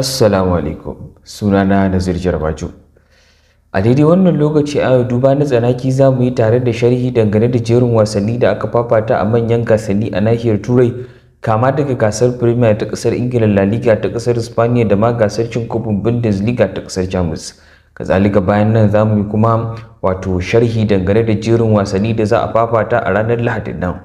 Assalamu alaikum sunana Nazir Jarbaju A daidai wannan lokaci a yau duba na tsanaki za mu yi tare da sharhi dangane da jerin wasanni da aka fafata a manyan gasanni a nahiyar Turai kama daga gasar Premier ta kasar Ingila La Liga ta kasar Spaniya da ma gasar cin kofin Bundesliga ta kasar Jamus kazalika bayan nan za mu yi kuma wato sharhi dangane da jerin wasanni da za a fafata a ranar lahadi nan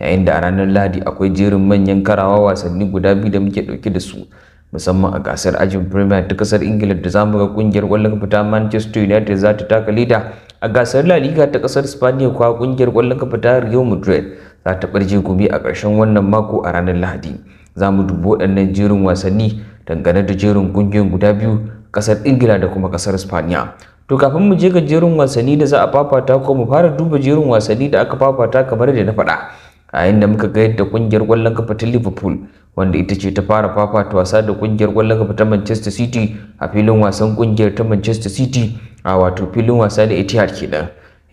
yayin da a ranar Lahadi akwai jerin manyan karawa wasanni guda biyu da muke dauke da su musamman a gasar ajin premier ta kasar ingila da zamu ga kungiyar kwallon kafa ta manchester united za ta taka leda a gasar la liga ta kasar spaniya kuwa kungiyar kwallon kafa ta real madrid za ta barje gobe a ƙarshen wannan mako a ranar lahadi za mu dubi waɗannan jerin wasanni dangane da jerin kungiyoyin guda biyu kasar ingila da kuma kasar spaniya to kafin mu je ga jerin wasanni da za a fafata ko mu fara duba jerin wasanni da aka fafata kamar da na faɗa a yayin da muka ga yadda kungiyar kwallon kafa ta liverpool wanda ita ce ta fara fafata wasa da kungiyar kwallon kafa ta Manchester City a filin wasan kungiyar ta Manchester City a wato filin wasa da Etihad kenan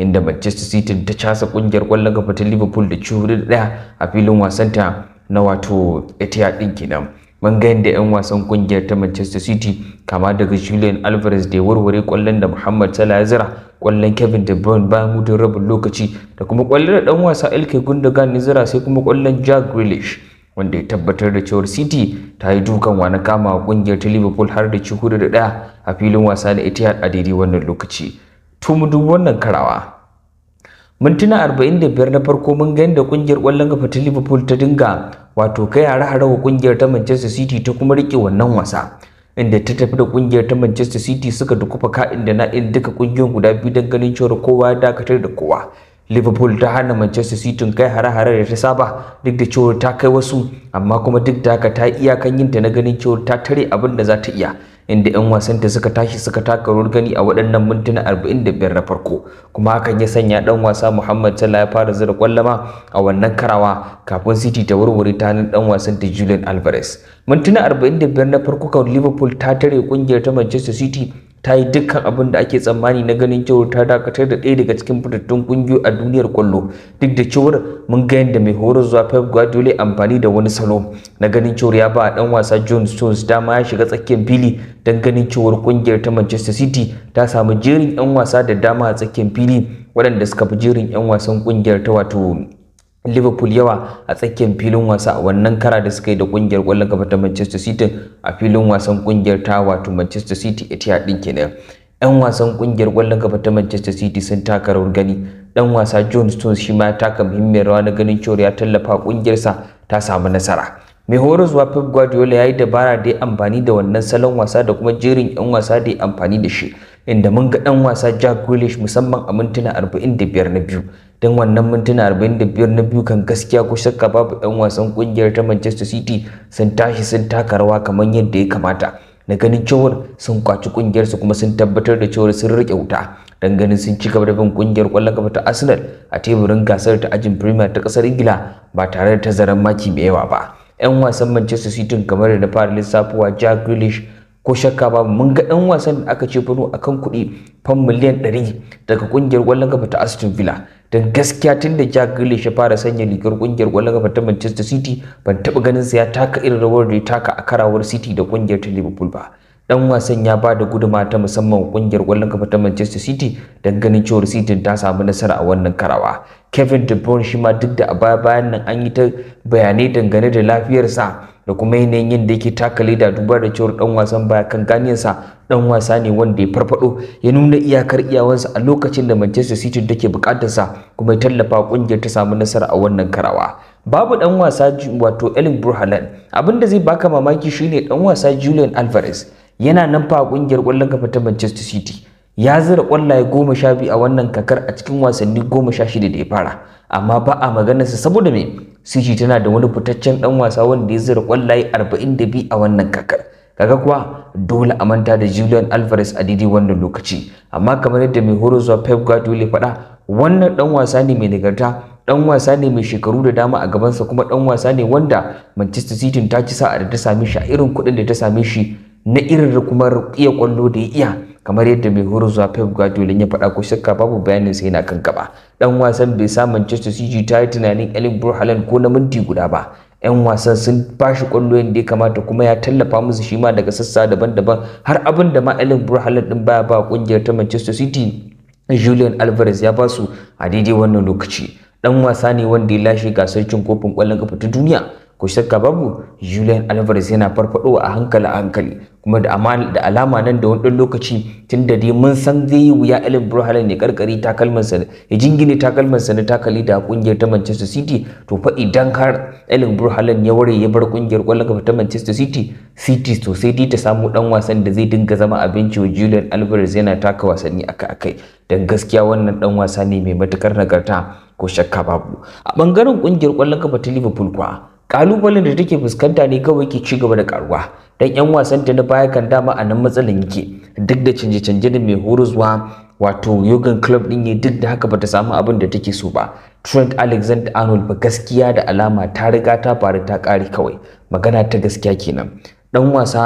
inda Manchester City ta casa kungiyar kwallon kafa ta Liverpool da ciwo hudu da a filin wasanta na wato Etihad din kenan ga da 'yan wasan kungiyar ta Manchester City kama daga Julian Alvarez da ya warware kwallon da Muhammad Salah ya zira kwallon Kevin De Bruyne bayan mudun rabin lokaci da kuma kwallon da dan wasa Ilkay Gundogan ya zira sai kuma kwallon Jack Grealish wanda ya tabbatar da cewar city ta yi dukan wani kama kungiyar ta liverpool har da ci hudu da daya a filin wasa na etihad a daidai wannan lokaci tumu duk wannan karawa mintuna 45 na farko mun ga yadda kungiyar kwallon kafa ta liverpool ta dinga wato kai hare-hare wa kungiyar ta manchester city ta kuma rike wannan wasa inda ta tafi da kungiyar ta manchester city suka dukufa ka'in da na'in duka kungiyar guda biyu don ganin cewar kowa ya dakatar da kowa liverpool ta hana manchester city kai hare-hare da ta saba duk da cewa ta kai wasu amma kuma duk da haka ta iyakan yinta na ganin cewa ta tare abin da za ta iya inda 'yan wasanta suka tashi suka taka rawar gani a waɗannan mintuna 45 na farko kuma hakan ya sanya ɗan wasa Muhammad Salah ya fara zira kwallama a wannan karawa kafin City ta warware ta hannun ɗan wasan ta Julian Alvarez mintuna 45 na farko kan Liverpool ta tare ƙungiyar ta Manchester City ta yi dukkan abin da ake tsammani na ganin cewar ta dakatar da ɗaya daga cikin fitattun ƙungiyoyi a duniyar kwallo duk da cewar mun ga yadda mai horo zuwa Pep Guardiola amfani da wani salo na ganin cewar ya ba dan wasa John Stones dama ya shiga tsakiyar fili don ganin cewar ƙungiyar ta Manchester City ta samu jerin 'yan wasa da dama a tsakiyar fili waɗanda suka fi jerin 'yan wasan ƙungiyar ta wato liverpool yawa a tsakiyar filin wasa a wannan kara da suka yi da kungiyar kwallon kafa ta manchester city a filin wasan kungiyar ta wato manchester city etihad din kenan yan wasan kungiyar kwallon kafa ta manchester city sun taka rawar gani dan wasa john stones shi ma ya taka muhimmiyar rawa na ganin cewa ya tallafa kungiyarsa ta samu nasara mai zuwa pep guardiola ya yi dabara da ya amfani da wannan salon wasa da kuma jerin yan wasa da ya amfani da shi inda mun ga dan wasa Jack Grealish musamman a mintuna 45 na biyu don wannan mintuna 45 na biyu kan gaskiya ko shakka babu yan wasan kungiyar ta Manchester City sun tashi sun taka rawa kamar yadda ya kamata na ganin cewar sun kwaci kungiyar su kuma sun tabbatar da cewar sun rike wuta dan ganin sun ci gaba da bin kungiyar kwallon kafa ta Arsenal a teburin gasar ta ajin Premier ta kasar Ingila ba tare da tazaran maki mai yawa ba 'yan wasan Manchester City kamar da na fara lissafowa Jack Grealish ko shakka babu mun ga dan wasan da aka ce fano akan kuɗi fan miliyan 100 daga ƙungiyar ƙwallon kafa ta Aston Villa don gaskiya tun da Jack Grealish ya fara sanya rigar kungiyar ƙwallon kafa ta Manchester City ban taɓa ganin sa ya taka irin rawar da ya taka a karawar City da kungiyar ta Liverpool ba Ɗan wasan ya ba da guduma ta musamman kungiyar ƙwallon gaba ta Manchester City don ganin cewar City ta samu nasara a wannan karawa Kevin De Bruyne shi ma duk da a baya bayan nan an yi ta bayanai dangane da lafiyarsa da kuma yanayin yadda yake taka leda duba da cewar dan wasan baya kan ganiyarsa dan wasa ne wanda ya farfado ya nuna iyakar iyawansa a lokacin da Manchester City take bukatarsa kuma ya tallafa kungiyar ta samu nasara a wannan karawa babu dan wasa wato Erling Haaland abinda zai baka mamaki shine dan wasa Julian Alvarez yana nan fa kungiyar kwallon kafa ta Manchester City ya zira kwallaye goma sha biyu a wannan kakar a cikin wasanni goma sha shida da ya fara amma ba a maganarsa saboda me City tana da wani fitaccen dan wasa wanda ya zira kwallaye 42 a wannan kakar. Kaga kuwa dole a manta da Julian Alvarez a daidai wannan lokaci. Amma kamar yadda mai horo zuwa Pep Guardiola faɗa, wannan dan wasa ne mai nagarta, dan wasa ne mai shekaru da dama a gabansa kuma dan wasa ne wanda Manchester City ta ci sa'a da ta same shi a irin kuɗin da ta same shi na irin kuma iya kwallo da ya iya kamar yadda mai horo zuwa Pep Guardiola ya faɗa ko shakka babu bayanin sai yana kan gaba. dan wasan bai sa Manchester City ta yi tunanin Erling Haaland ko na minti guda ba yan wasan sun bashi kwallo yadda ya kamata kuma ya tallafa musu shi ma daga sassa daban-daban har abin da ma Erling Haaland din baya ba kungiyar ta Manchester City Julian Alvarez ya basu a daidai wannan lokaci dan wasa ne wanda ya lashe gasar cin kofin ƙwallon kafa ta duniya ko shakka babu Julian Alvarez yana farfadowa a hankali a hankali kuma da alama nan da wani lokaci tun da dai mun san zai yi wuya Allen Brohalan ya karkari sa ya jingine sa na takali da kungiyar ta Manchester City to fa idan har Allen Brohalan ya ware ya bar kungiyar kwallon kafa ta Manchester City City to sai dai ta samu dan wasan da zai dinga zama abinci wa Julian Alvarez yana taka wasanni akai-akai dan gaskiya wannan dan wasa ne mai matukar nagarta ko shakka babu a bangaren kungiyar kwallon ta Liverpool kuwa kalubalen da take fuskanta ne kawai ke ci gaba da karuwa dan yan wasan ta na baya kan dama a nan matsalan yake duk da canje canje da mai horo zuwa wato Jurgen club din ne duk da haka bata samu abin da take so ba Trent Alexander Arnold ba gaskiya da alama ta riga ta faru ta kare kawai magana ta gaskiya kenan dan wasa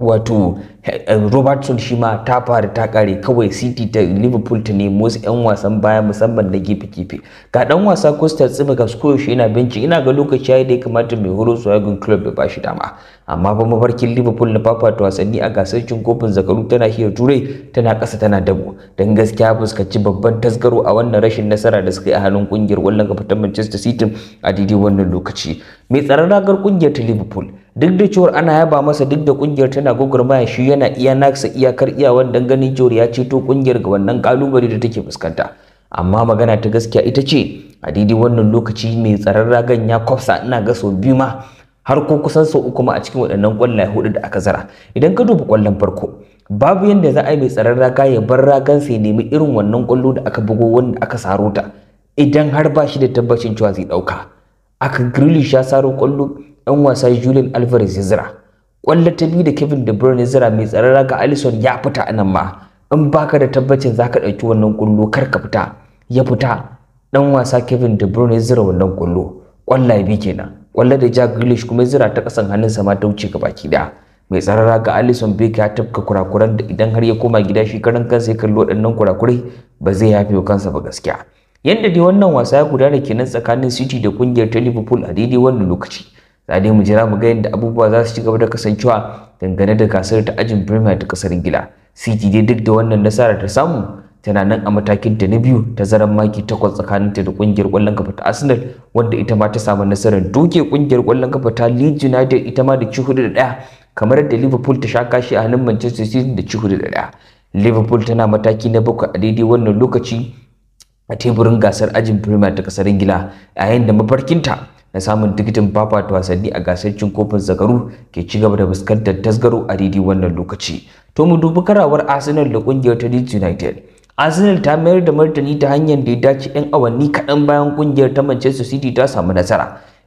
wato eh, robertson shi ma ta fara ta kare kawai city ta liverpool ta nemo wasu 'yan wasan baya musamman na gefe-gefe ga dan wasa costa tsibiga koyaushe yana binci ina ga lokaci ya da ya kamata mai horo su hagun club ya bashi dama amma ba mafarkin liverpool na fafata wasanni a gasar cin kofin zakaru tana hiyar turai tana kasa tana dabo don gaskiya fuskanci babban tasgaro a wannan rashin nasara da suka yi a hannun kungiyar wallan kafa ta manchester city a daidai wannan lokaci mai tsaron ragar kungiyar ta liverpool duk da cewar ana yaba masa duk da kungiyar tana maya shi yana iya naksa iyakar iyawan ganin cewar ya ceto kungiyar ga wannan kalubale da take fuskanta amma magana ta gaskiya ita ce a daidai wannan lokaci mai tsaron ragan ya kwafsa ina ga sau biyu ma har ko kusan sau uku ma a cikin waɗannan ƙwallaye hudu da aka zara idan ka duba ƙwallon farko babu yadda za a yi mai tsaron raga ya bar ragan sai nemi irin wannan ƙwallo da aka bugo wanda aka saro ta idan har ba shi da tabbacin cewa zai ɗauka aka Grealish ya saro ƙwallo ɗan wasa Julian Alvarez ya zira ƙwallo ta biyu da Kevin De Bruyne ya zira mai tsaron raga Alisson ya fita a nan ma in baka da tabbacin za ka ɗauki wannan ƙwallo kar ka fita ya fita ɗan wasa Kevin De Bruyne ya zira wannan ƙwallo ya biyu kenan ƙwallo da Jack Grealish kuma ya zira ta ƙasan hannunsa ma ta wuce baki ɗaya mai tsaron raga Alisson Becker ya tafka kurakuran da idan har ya koma gida shi karan kansa ya kalli waɗannan kurakurai ba zai yafe wa kansa ba gaskiya yadda dai wannan wasa ya gudana kenan tsakanin City da kungiyar ta Liverpool a daidai wannan lokaci za mu jira mu ga yadda abubuwa za su ci gaba da kasancewa dangane da gasar ta ajin premier ta kasar ingila city dai duk da wannan nasara ta samu tana nan a matakin da na biyu ta zaran maki takwas tsakaninta da kungiyar kwallon kafa ta arsenal wanda ita ma ta samu nasarar doke kungiyar kwallon kafa ta leeds united ita ma da ci hudu da daya kamar da liverpool ta sha kashi a hannun manchester city da ci hudu da daya liverpool tana mataki na bakwai a daidai wannan lokaci a teburin gasar ajin premier ta kasar ingila yayin da mafarkinta na samun tikitin fafata wasanni a gasar cin kofin zakaru ke ci gaba da fuskantar tasgaro a didi wannan lokaci to mu dubi karawar arsenal da kungiyar ta leeds united arsenal ta mayar da martani ta hanyar da ya dace 'yan awanni kaɗan bayan kungiyar ta manchester city ta samu nasara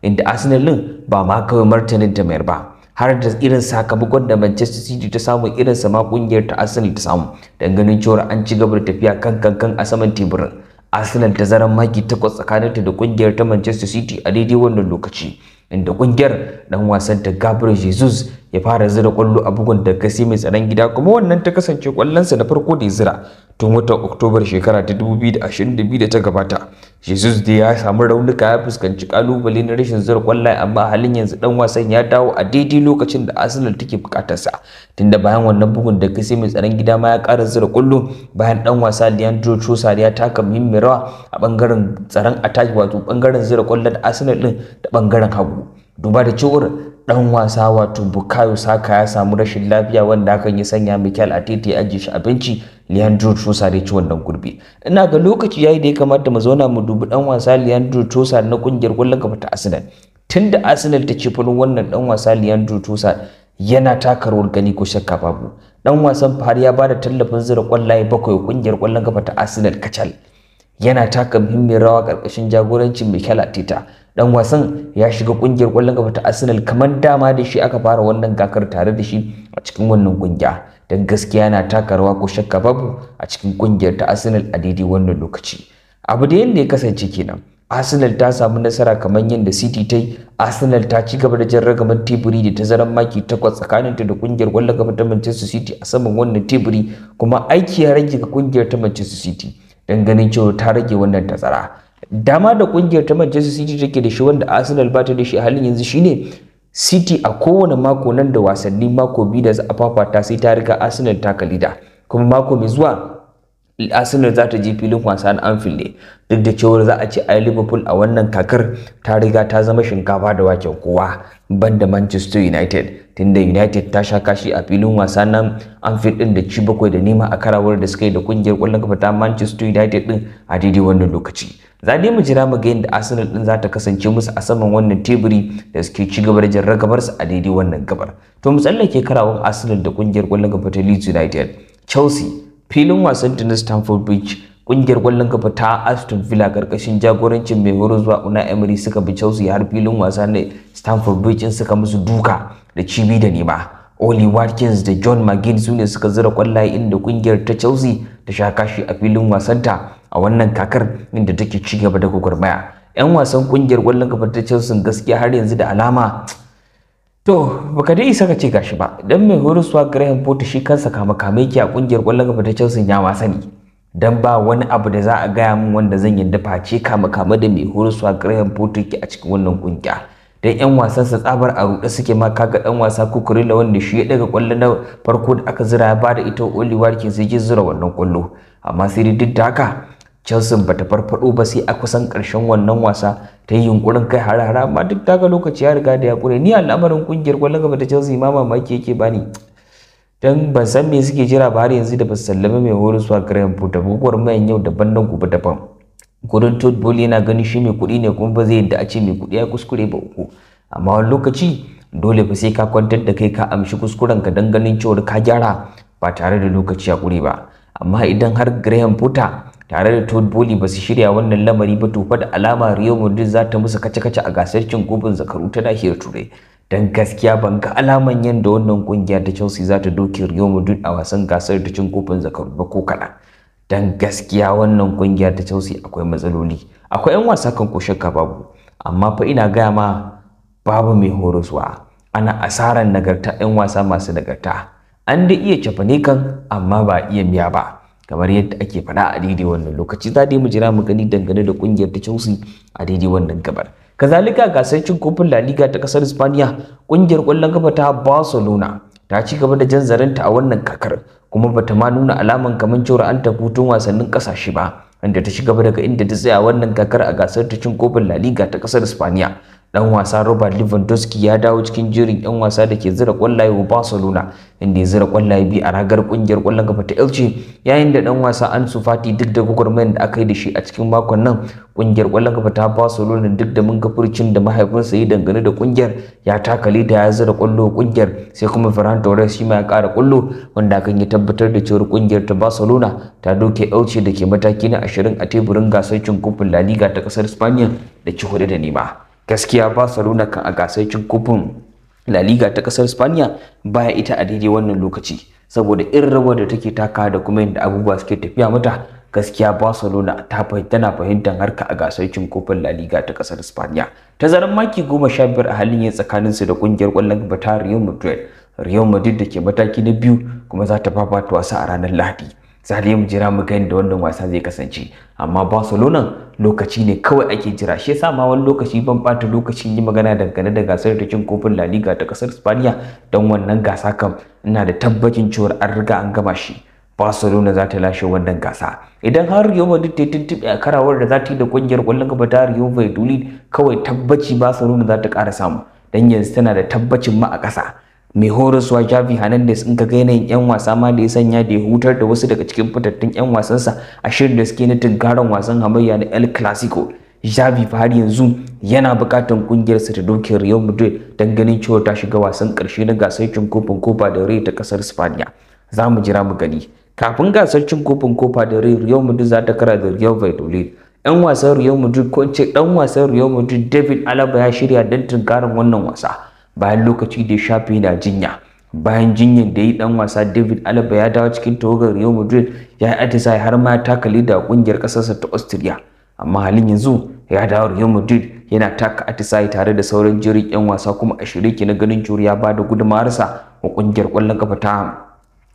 inda arsenal din ba ma kawai martanin ta mayar ba har da irin sakamakon da Manchester City ta samu irin sama kungiyar ta Arsenal ta samu dan ganin cewa an ci gaba da tafiya kan kankan a saman teburin Arsenal zaran maki takwas tsakaninta da kungiyar ta Manchester City a daidai wannan lokaci inda kungiyar dan wasan ta Gabriel Jesus ya fara zira kwallo a bugun kasi mai tsaron gida kuma wannan ta kasance kwallonsa na farko da ya zira tun watan oktobar shekara ta 2022 da ta gabata jesus dai ya samu raunuka ya fuskanci kalubale na rashin zira kwallaye amma halin yanzu dan wasan ya dawo a daidai lokacin da arsenal take bukatarsa tunda bayan wannan bugun da kasi mai tsaron gida ma ya kara zira kwallo bayan dan wasa leandro trossard ya taka muhimmiyar rawa a bangaren tsaron attack wato bangaren zira kwallon arsenal din da bangaren hagu duba da cewar dan wasa wato bukayo saka ya samu rashin lafiya wanda hakan ya sanya mikel atete ya ajiye shi abinci leandro tosa ya ci wannan gurbi ina ga lokaci yayi da ya kamata mu zauna mu dubi dan wasa leandro Tosa na kungiyar kwallon kafa ta arsenal tunda arsenal ta ce fulun wannan dan wasa leandro Tosa yana taka rawar gani ko shakka babu dan wasan fari ya bada tallafin zira kwallaye bakwai kungiyar kwallon kafa ta arsenal kacal yana taka muhimmiyar rawa karkashin jagorancin mikel ateta dan wasan ya shiga kungiyar kwallon gaba ta Arsenal kamar dama da shi aka fara wannan gakar tare da shi a cikin wannan kungiya dan gaskiya yana taka rawa ko shakka babu a cikin kungiyar ta Arsenal a daidai wannan lokaci abu da yanda ya kasance kenan Arsenal ta samu nasara kamar yadda City ta yi Arsenal ta ci gaba da jan ragaman teburi da tazaran maki takwas tsakaninta da kungiyar kwallon gaba ta Manchester City a saman wannan teburi kuma aiki ya rage ga kungiyar ta Manchester City dan ganin cewa ta rage wannan tazara dama da kungiyar ta Manchester City take da shi wanda Arsenal ba ta da shi a halin yanzu shine City a kowane mako nan da wasanni mako biyu da za a fafata sai ta riga Arsenal ta kalida kuma mako mai zuwa Arsenal za ta je filin wasa na Anfield ne duk da cewa za a ce ai Liverpool a wannan kakar ta riga ta zama shinkafa da waken kowa banda Manchester United tunda united ta sha kashi a filin wasa na anfield din da ci bakwai da nema a karawar da suka yi da kungiyar kwallon kafa ta manchester united din a daidai wannan lokaci za dai mu jira mu ga yadda arsenal din za ta kasance musu a saman wannan teburi da suke ci gaba da jan ragabar su a daidai wannan gabar to mu ke karawar arsenal da kungiyar kwallon kafa ta leeds united chelsea filin wasan ta na stamford bridge kungiyar kwallon kafa ta Aston Villa karkashin jagorancin mai horo zuwa Una Emery suka bi Chelsea har filin wasa na Stamford Bridge suka musu duka da cibi da nima, Oli Watkins da John McGinn su ne suka zira kwallaye inda kungiyar ta Chelsea ta sha kashi a filin wasanta a wannan kakar inda take ci gaba da gwagwarmaya. 'Yan wasan kungiyar kwallon kafa ta Chelsea gaskiya har yanzu da alama to baka dai isa ka ce gashi ba dan mai horaswa Graham Potter shi kansa kama kame ki a kungiyar kwallon kafa ta Chelsea ya wasa ne. Dan ba wani abu da za a gaya min wanda zan yi dafa ce kama kama da mai horaswa Graham Potter ki a cikin wannan kungiya. dan yan wasan sa tsabar a ruɗe suke ma kaga ɗan wasa la wanda shi ya daga kwallo na farko da aka zira ya da ita Oli ke zai zira wannan kwallo amma sai duk da haka Chelsea bata farfado ba sai a kusan karshen wannan wasa ta yi yunkurin kai har har amma duk daga lokaci ya riga da ya kure ni al'amarin kungiyar kwallon gaba da Chelsea ma mamaki yake bani dan ban san me suke jira ba har yanzu da ba sallama mai horoswa Graham Potter guguwar mayan yau daban nan gobe daban kudin tot boli yana ganin shi mai kuɗi ne kuma ba zai yadda a ce mai kuɗi ya kuskure ba uku amma wani lokaci dole fa sai ka kwantar da kai ka amshi kuskuren ka don ganin cewar ka gyara ba tare da lokaci ya kure ba amma idan har Graham Potter tare da Todd Bowley ba su shirya wannan lamari ba to fa da alama Real Madrid za ta musu kace-kace a gasar cin kofin zakaru ta nahiyar Turai dan gaskiya ban ga alaman yadda wannan kungiya ta Chelsea za ta doke Real Madrid a wasan gasar ta cin kofin zakaru ba ko kaɗan. dan gaskiya wannan kungiyar ta Chelsea akwai matsaloli akwai yan wasa kan ko shakka babu amma fa ina gaya ma babu mai horoswa ana asarar nagarta yan wasa masu nagarta an da iya cafane kan amma ba iya miya ba kamar yadda ake faɗa a daidai wannan lokaci za dai mu jira mu gani dangane da kungiyar ta Chelsea a daidai wannan gabar kazalika gasar cin kofin La Liga ta kasar Spaniya kungiyar kwallon kafa ta Barcelona ta ci gaba da jan zarinta a wannan kakar kuma bata ma nuna alaman kamar cewar an tafi hutun wasannin kasashe ba inda ta shiga gaba daga inda ta tsaya wannan kakar a gasar ta cin kofin La Liga ta kasar Spaniya dan wasa Robert Lewandowski ya dawo cikin jerin yan wasa da ke zira kwallaye wa Barcelona inda ya zira kwallaye biyu a ragar kungiyar kwallon gaba ta Elche yayin da dan wasa Ansu Fati duk da gwagwarmayar da aka yi da shi a cikin makon nan kungiyar kwallon gaba ta Barcelona duk da mun furcin da mahaifinsa ya dangane da kungiyar ya taka da ya zira kwallo kungiyar sai kuma Ferran Torres shi ma ya kara kwallo wanda kan ya tabbatar da cewa kungiyar ta Barcelona ta doke Elche da ke mataki na 20 a teburin gasar cin kofin La Liga ta kasar Spain da ci hudu da nema. gaskiya barcelona kan a gasar cin kofin la liga ta kasar spaniya baya ita a daidai wannan lokaci saboda irin rawar da take taka da kuma yadda abubuwa suke tafiya mata gaskiya barcelona ta tana fahimtar harka a gasar cin kofin la liga ta kasar spaniya tazaran maki goma sha biyar a halin yin su da kungiyar kwallon bata real madrid real madrid da ke mataki na biyu kuma za ta fafata wasa a ranar lahadi za mu jira mu gani da wannan wasa zai kasance amma barcelona lokaci ne kawai ake jira shi yasa ma wani lokaci ban bata lokacin yi magana dangane da gasar da cin kofin la liga ta kasar spaniya don wannan gasa kam ina da tabbacin cewa an riga an gama shi Barcelona za ta lashe wannan gasa idan har rio Madrid ta tuntuɓe a karawar da za ta yi da kungiyar kwallon gaba ta rio Valladolid kawai tabbaci Barcelona za ta ƙara samu dan yanzu tana da tabbacin ma a ƙasa mai horaswa javi hernandez in ka ga yanayin yan wasa ma da ya sanya da ya hutar da wasu daga cikin fitattun yan wasansa a shirin da suke na tunkaran wasan hamayya na el clasico javi fa har yanzu yana bukatan kungiyarsa ta doke real madrid don ganin cewa ta shiga wasan karshe na gasar cin kofin copa da rai ta kasar spaniya za mu jira mu gani kafin gasar cin kofin kofa da rai real madrid za ta kara da real valladolid yan wasan real madrid ko ce dan wasan real madrid david alaba ya shirya don tunkaran wannan wasa bayan lokaci da ya shafe yana jinya bayan jinyar da ya yi dan wasa david alaba ya dawo cikin tawagar real madrid ya yi atisa har ma ya taka leda kungiyar kasarsa ta austria amma halin yanzu ya dawo real madrid yana taka atisaye tare da sauran jirin 'yan wasa kuma a shirye ke na ganin juriya ba da gudumarsa wa kungiyar kwallon kafa ta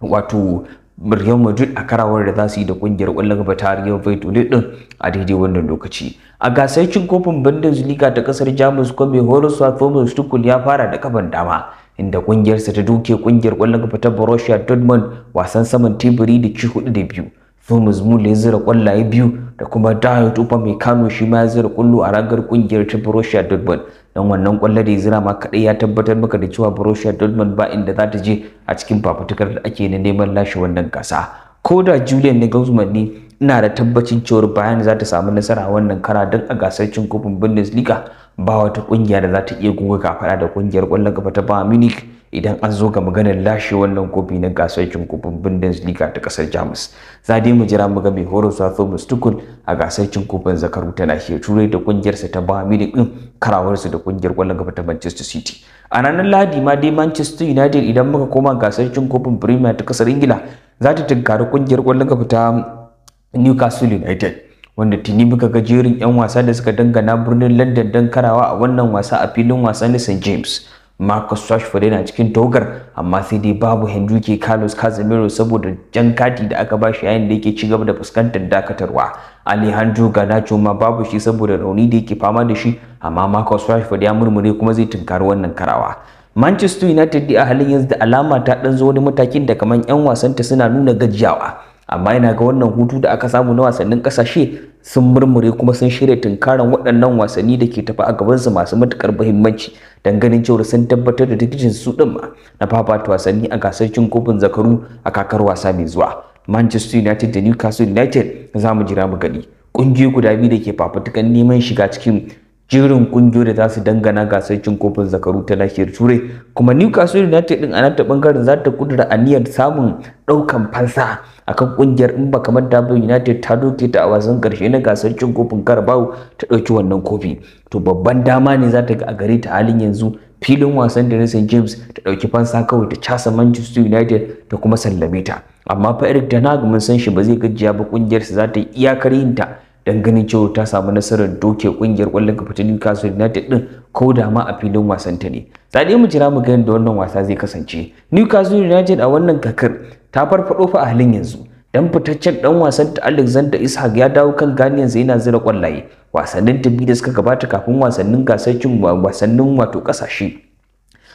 wato Real Madrid a karawar da za su yi da kungiyar ƙwallon gaba ta Real Valladolid din a daidai wannan lokaci. A gasar cin kofin Bundesliga ta kasar Jamus kwame Horus Thomas Tuchel ya fara da kafan dama inda kungiyarsa ta duke kungiyar ƙwallon gaba ta Borussia Dortmund wasan saman tebiri da ci hudu da biyu. Thomas Muller ya zira ƙwallaye biyu da kuma Dayot Upamecano shi ma ya zira ƙwallo a ragar kungiyar ta Borussia Dortmund. dan wannan kwallo da zira ma kadai ya tabbatar maka da cewa Borussia Dortmund ba inda za ta je a cikin fafutukar da ake na neman lashe wannan gasa ko da Julian Nagelsmann ne ina da tabbacin cewa Bayern za ta samu nasara wannan kara don a gasar cin kofin Bundesliga ba wata kungiya da za ta iya goga kafada da kungiyar kwallon kafa ta Bayern Munich idan an zo ga maganar lashe wannan kofi na gasar cin kofin Bundesliga ta kasar Jamus. Za dai mu jira mu ga mai horo sa Thomas Tuchel a gasar cin kofin zakaru ta nahiyar Turai da sa ta Bayern Munich din karawar su da kungiyar kwallon kafa ta Manchester City. A ranar Lahadi ma dai Manchester United idan muka koma gasar cin kofin Premier ta kasar Ingila za ta tunkari kungiyar kwallon kafa ta Newcastle United. wanda tuni muka ga jerin 'yan wasa da suka dangana birnin london don karawa a wannan wasa a filin wasa na st james marcus rashford yana cikin dogar amma sai dai babu henrique carlos casemiro saboda jan kati da aka bashi yayin da yake ci gaba da fuskantar dakatarwa alejandro garnacho ma babu shi saboda rauni da yake fama da shi amma marcus rashford ya murmure kuma zai tunkari wannan karawa manchester united da a halin yanzu da alama ta dan zo wani matakin da kamar 'yan wasanta suna nuna gajiyawa amma yana ga wannan hutu da aka samu na wasannin kasashe sun murmure kuma sun shirya tunkaran waɗannan wasanni da ke tafi a gaban su masu matukar muhimmanci dan ganin cewar sun tabbatar da dukkan su ɗin ma na fafata wasanni a gasar cin kofin zakaru a kakar wasa mai zuwa manchester united da newcastle united za mu jira mu gani ƙungiyoyi guda biyu da ke fafutukan neman shiga cikin jerin kungiyoyi da za su dangana gasar cin kofin zakaru ta nahiyar turai kuma newcastle united din ana ta bangaren za ta kudura aniyar samun daukan fansa akan kungiyar in ba kamar w united ta doke ta a wasan karshe na gasar cin kofin karabau ta dauki wannan kofi to babban dama ne za ta ga a gare ta halin yanzu filin wasan da nisan James ta dauki fansa kawai ta casa Manchester United ta kuma sallame ta amma fa Eric Ten Hag mun san shi ba zai gajiya ba kungiyar sa za ta yi iyakar yin ta don ganin cewa ta samu nasarar doke kungiyar kwallon kafa ta Newcastle United din ko da ma a filin wasan ta ne. Sai mu jira mu ga yadda wannan wasa zai kasance. Newcastle United a wannan kakar ta farfado fa a halin yanzu. Dan fitaccen dan wasan ta Alexander Ishak ya dawo kan gani yanzu yana zira kwallaye. Wasannin ta biyu da suka gabata kafin wasannin gasar cin wasannin wato kasashe.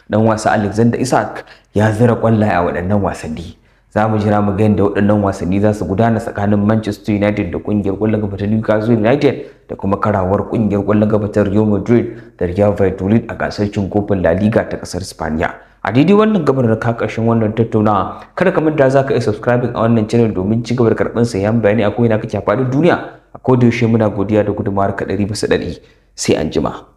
Dan wasa Alexander Ishak ya zira kwallaye a waɗannan wasanni. za mu jira mu ga yadda waɗannan wasanni za su gudana tsakanin Manchester United da ƙungiyar ƙwallon gaba ta Newcastle United da kuma karawar ƙungiyar ƙwallon gaba ta Real Madrid da Real Valladolid a gasar cin kofin La Liga ta ƙasar Spaniya. A daidai wannan gabar da ka ƙarshen wannan tattaunawa kada ka manta za ka iya subscribing a wannan channel domin ci gaba da karɓar sayan bayani a ko'ina kake a faɗin duniya a kodayaushe muna godiya da gudunmawar ka ɗari bisa ɗari sai anjima.